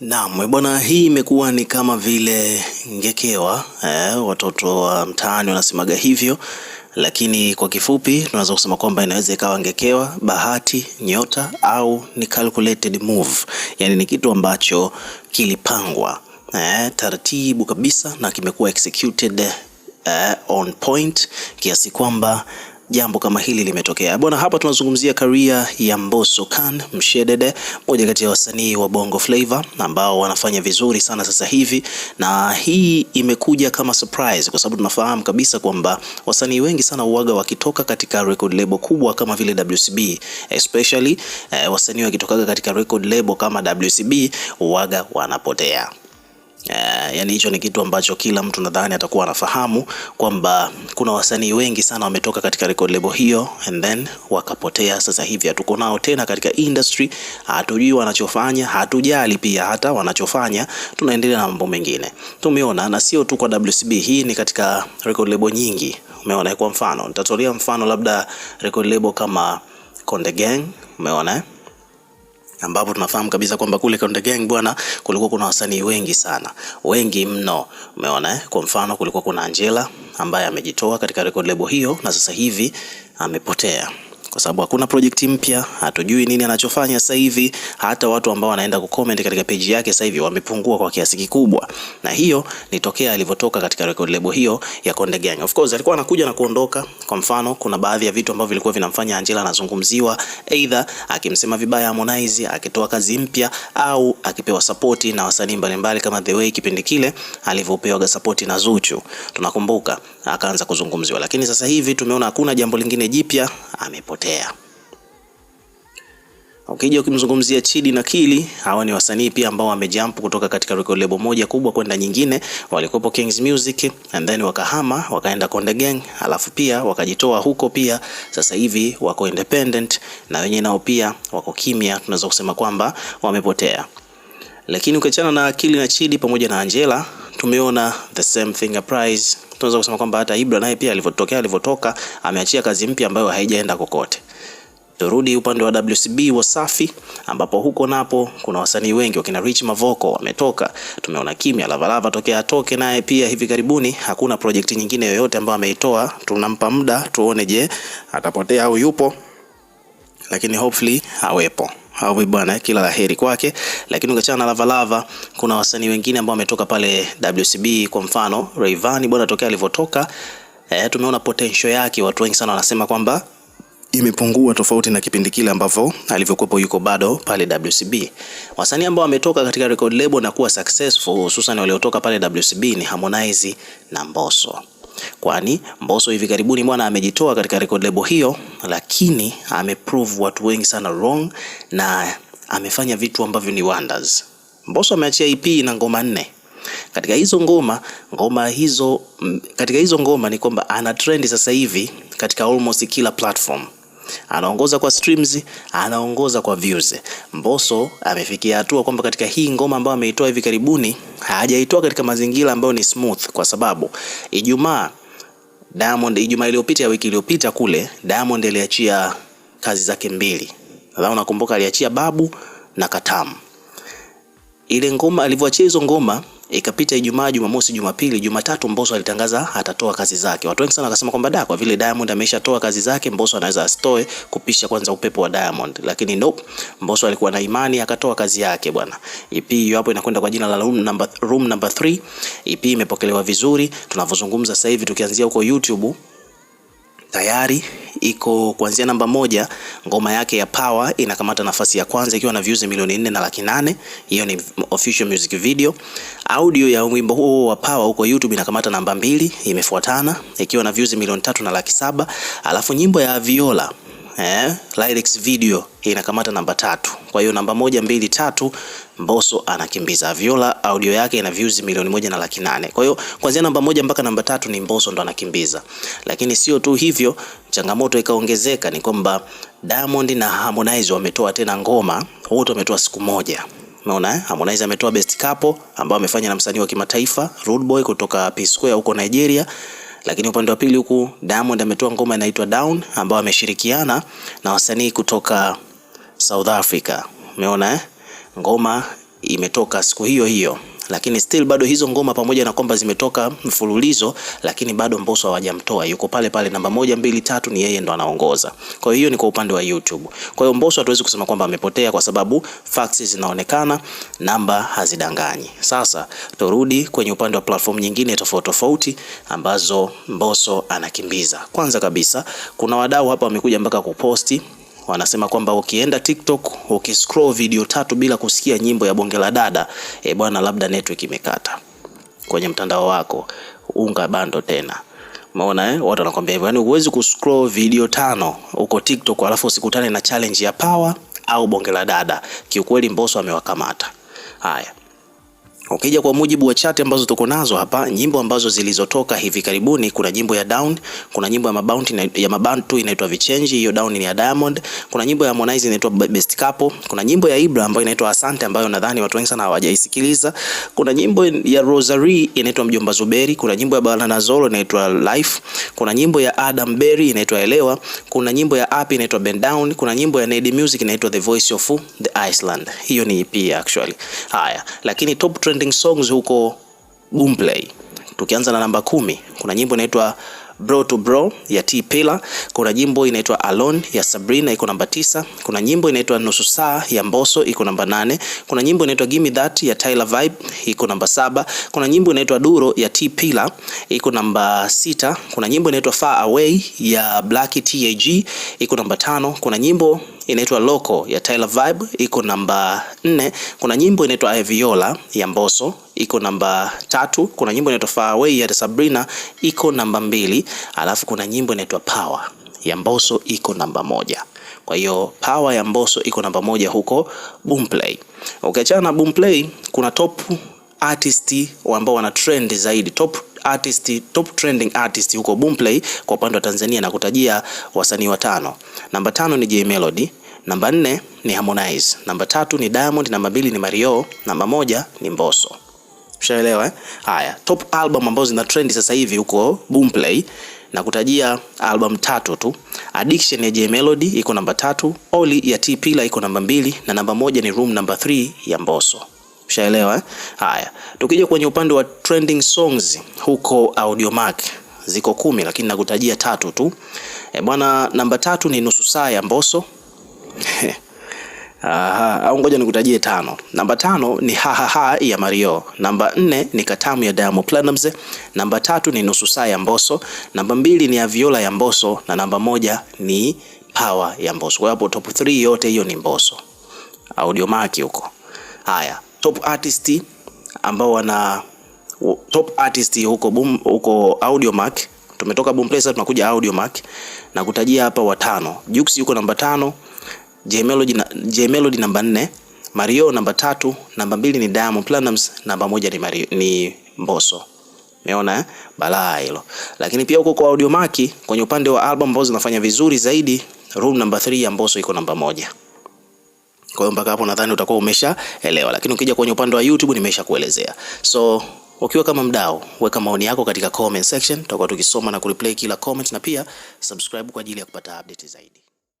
Naam, eh, bwana, hii imekuwa ni kama vile ngekewa eh, watoto wa mtaani wanasemaga hivyo, lakini kwa kifupi tunaweza kusema kwamba inaweza ikawa ngekewa, bahati, nyota au ni calculated move, yaani ni kitu ambacho kilipangwa eh, taratibu kabisa na kimekuwa executed eh, on point kiasi kwamba jambo kama hili limetokea bwana. Hapa tunazungumzia karia ya Mbosso Khan Mshedede, moja kati ya wasanii wa Bongo Flava ambao wanafanya vizuri sana sasa hivi, na hii imekuja kama surprise, kwa sababu tunafahamu kabisa kwamba wasanii wengi sana uwaga wakitoka katika record label kubwa kama vile WCB especially, eh, wasanii wakitokaga katika record label kama WCB uwaga wanapotea. Uh, yani hicho ni kitu ambacho kila mtu nadhani atakuwa anafahamu kwamba kuna wasanii wengi sana wametoka katika record label hiyo and then wakapotea. Sasa hivi hatuko nao tena katika industry, hatujui wanachofanya, hatujali pia hata wanachofanya, tunaendelea na mambo mengine. Tumeona na sio tu kwa WCB, hii ni katika record label nyingi. Umeona, kwa mfano nitatolea mfano labda record label kama Konde Gang, umeona ambapo tunafahamu kabisa kwamba kule Konde Gang bwana, kulikuwa kuna wasanii wengi sana, wengi mno, umeona eh? Kwa mfano kulikuwa kuna Angela ambaye amejitoa katika record label hiyo na sasa hivi amepotea kwa sababu hakuna project mpya, hatujui nini anachofanya sasa hivi. Hata watu ambao wanaenda kucomment katika page yake sasa hivi wamepungua kwa kiasi kikubwa, na hiyo ni tokea alivyotoka katika record label hiyo ya Konde Gang. Of course alikuwa anakuja na kuondoka. Kwa mfano, kuna baadhi ya vitu ambavyo vilikuwa vinamfanya Angela anazungumziwa, either akimsema vibaya Harmonize, akitoa kazi mpya, au akipewa support na wasanii mbalimbali kama The Way kipindi kile alivyopewa support na Zuchu, tunakumbuka akaanza kuzungumziwa, lakini sasa hivi tumeona hakuna jambo lingine jipya amepotea. Ukija ukimzungumzia Chidi na Kili, hawa ni wasanii pia ambao wamejump kutoka katika record label moja kubwa kwenda nyingine. Walikuwepo Kings Music and then wakahama wakaenda Konde Gang, alafu pia wakajitoa huko pia, sasa hivi wako independent na wenyewe nao pia wako kimya, tunaweza kusema kwamba wamepotea. Lakini ukiachana na Kili na Chidi pamoja na Angela tumeona the same thing applies. Tunaweza kusema kwamba hata Ibra naye pia alivyotokea alivyotoka ameachia kazi mpya ambayo haijaenda kokote. Turudi upande wa WCB Wasafi, ambapo huko napo kuna wasanii wengi wakina Rich Mavoko wametoka, tumeona kimya Lavalava tokea atoke naye pia hivi karibuni, hakuna project nyingine yoyote ambayo ameitoa. Tunampa muda tuone, je, atapotea au yupo, lakini hopefully awepo. Hapo bwana, kila laheri kwake. Lakini ukiachana na Lavalava, kuna wasanii wengine ambao wametoka pale WCB. Kwa mfano Rayvanny bwana, tokea alivyotoka eh, tumeona potential yake. Watu wengi sana wanasema kwamba imepungua tofauti na kipindi kile ambavyo alivyokuwepo yuko bado pale WCB. Wasanii ambao wametoka katika record label na kuwa successful, hususan waliotoka pale WCB ni Harmonize na Mbosso kwani Mbosso hivi karibuni bwana amejitoa katika record label hiyo, lakini ameprove watu wengi sana wrong na amefanya vitu ambavyo ni wonders. Mbosso ameachia EP na ngoma nne katika hizo ngoma ngoma hizo katika hizo ngoma ni kwamba ana trend sasa hivi katika almost kila platform anaongoza kwa streams, anaongoza kwa views. Mbosso amefikia hatua kwamba katika hii ngoma ambayo ameitoa hivi karibuni hajaitoa katika mazingira ambayo ni smooth, kwa sababu Ijumaa Diamond, Ijumaa iliyopita ya wiki iliyopita kule Diamond aliachia kazi zake mbili, nadhani unakumbuka, aliachia Babu na Katamu. Ile ngoma alivyoachia hizo ngoma Ikapita Ijumaa, Jumamosi, Jumapili, Jumatatu Mbosso alitangaza atatoa kazi zake. Watu wengi sana wakasema kwamba da, kwa vile Diamond ameshatoa kazi zake, Mbosso anaweza asitoe kupisha kwanza upepo wa Diamond, lakini nope, Mbosso alikuwa na imani akatoa kazi yake bwana. EP hiyo hapo inakwenda kwa jina la Room Number Room Number 3. EP imepokelewa vizuri tunavyozungumza sasa hivi, tukianzia huko YouTube tayari iko kuanzia namba moja. Ngoma yake ya Power inakamata nafasi ya kwanza ikiwa na views milioni nne na laki nane. Hiyo ni official music video. Audio ya wimbo huo wa Power huko YouTube inakamata namba mbili, imefuatana ikiwa na views milioni tatu na laki saba. Alafu nyimbo ya Viola eh, Lyrics video inakamata namba tatu. Kwa hiyo namba moja, mbili, tatu, Mbosso anakimbiza. Viola audio yake ina views milioni moja na laki nane. Kwa hiyo kuanzia namba moja mpaka namba tatu ni Mbosso ndo anakimbiza, lakini sio tu hivyo, changamoto ikaongezeka ni kwamba Diamond na Harmonize wametoa tena ngoma, wote wametoa siku moja. Unaona eh? Harmonize ametoa best couple ambao amefanya na msanii wa kimataifa Rude Boy kutoka P Square huko Nigeria. Lakini upande wa pili huku Diamond ametoa ngoma inaitwa Down ambayo ameshirikiana na wasanii kutoka South Africa. Umeona eh? Ngoma imetoka siku hiyo hiyo lakini still bado hizo ngoma pamoja na kwamba zimetoka mfululizo, lakini bado Mbosso hawajamtoa, yuko pale pale namba moja, mbili, tatu, ni yeye ndo anaongoza. Kwa hiyo ni kwa upande wa YouTube. Kwa hiyo Mbosso hatuwezi kusema kwamba amepotea, kwa sababu facts zinaonekana, namba hazidanganyi. Sasa turudi kwenye upande wa platform nyingine tofauti tofauti ambazo Mbosso anakimbiza. Kwanza kabisa kuna wadau hapa wamekuja mpaka kuposti wanasema kwamba ukienda TikTok ukiscroll video tatu bila kusikia nyimbo ya bonge la dada e, bwana, labda network imekata kwenye mtandao wako, unga bando tena. Umeona eh? Watu wanakuambia hivyo. yani huwezi kuscroll video tano uko TikTok alafu usikutane na challenge ya power au bonge la dada. Kiukweli Mbosso amewakamata. Haya. Ukija kwa mujibu wa chati ambazo tuko nazo hapa, nyimbo ambazo zilizotoka hivi karibuni, kuna nyimbo ya down, kuna nyimbo ya mabounty na ya mabantu inaitwa Vichenji, hiyo down ni ya Diamond. Kuna nyimbo ya Harmonize inaitwa Best Couple. Kuna nyimbo ya Ibra ambayo inaitwa Asante, ambayo nadhani watu wengi sana hawajaisikiliza. Kuna nyimbo ya Rosary inaitwa Mjomba Zuberi. Kuna nyimbo ya Zolo inaitwa Life. Kuna nyimbo ya Adam Berry inaitwa Elewa. Kuna nyimbo ya Api inaitwa Bend Down. Kuna nyimbo ya Ned Music inaitwa The Voice of the Iceland. Hiyo ni EP actually. Haya, lakini top trend trending songs huko Boomplay. Tukianza na namba kumi, kuna nyimbo inaitwa Bro to Bro ya T Pillar, kuna nyimbo inaitwa Alone ya Sabrina iko namba tisa, kuna nyimbo inaitwa Nusu Saa ya mboso iko namba nane, kuna nyimbo inaitwa Gimme That ya Tyler Vibe iko namba saba, kuna nyimbo inaitwa Duro ya T pila iko namba sita, kuna nyimbo inaitwa Far Away ya Black TAG iko namba tano, kuna nyimbo inaitwa Loco ya Tyler Vibe iko namba nne, kuna nyimbo inaitwa Aviola ya mboso iko namba tatu. Kuna nyimbo inaitwa Far Away ya Sabrina iko namba mbili, alafu kuna nyimbo inaitwa Power ya Mbosso iko namba moja. Kwa hiyo Power ya Mbosso iko namba moja huko Boomplay. Ukiachana okay, na Boomplay, kuna top artist ambao wana trend zaidi top artist, top trending artist huko Boomplay kwa upande wa Tanzania na kutajia wasanii watano. Namba tano ni Jay Melody, namba nne ni Harmonize, namba tatu ni Diamond, namba mbili ni Mario, namba moja ni Mbosso. Ushaelewa eh? Haya, top album ambazo zina trend sasa hivi huko Boomplay na kutajia album tatu tu. Addiction ya J Melody iko namba tatu, Oli ya T Pila iko namba mbili na namba moja ni Room namba 3 ya Mbosso. Ushaelewa eh? Haya, tukija kwenye upande wa trending songs huko Audiomack ziko kumi lakini nakutajia tatu tu. E bwana, namba tatu ni nusu saa ya Mbosso Aha, au ngoja nikutajie tano. Namba tano ni hahaha ya Mario, namba nne ni katamu ya Diamond Platnumz, namba tatu ni nusu saa ya Mbosso, namba mbili ni aviola ya Mbosso na namba moja ni power ya Mbosso. Kwa hapo top 3 yote hiyo ni Mbosso. Audio Mark huko. Haya, top artist ambao wana top artist huko boom huko Audio Mark. tumetoka Boom Play tunakuja Audio Mark na kutajia hapa watano. Jux yuko namba tano J Melody namba nne, Mario namba tatu, namba mbili ni Diamond Platnumz, namba moja ni Mario, ni Mbosso. Umeona eh? Balaa hilo. Lakini pia huko kwa Audio Audiomack kwenye upande wa album ambazo zinafanya vizuri zaidi, Room namba 3 ya Mbosso iko namba moja. Kwa hiyo mpaka hapo nadhani utakuwa umeshaelewa, lakini ukija kwenye upande wa YouTube nimeshakuelezea. So ukiwa kama mdau, weka maoni yako katika comment section, tutakuwa tukisoma na kureply kila comment, na pia subscribe kwa ajili ya kupata update zaidi.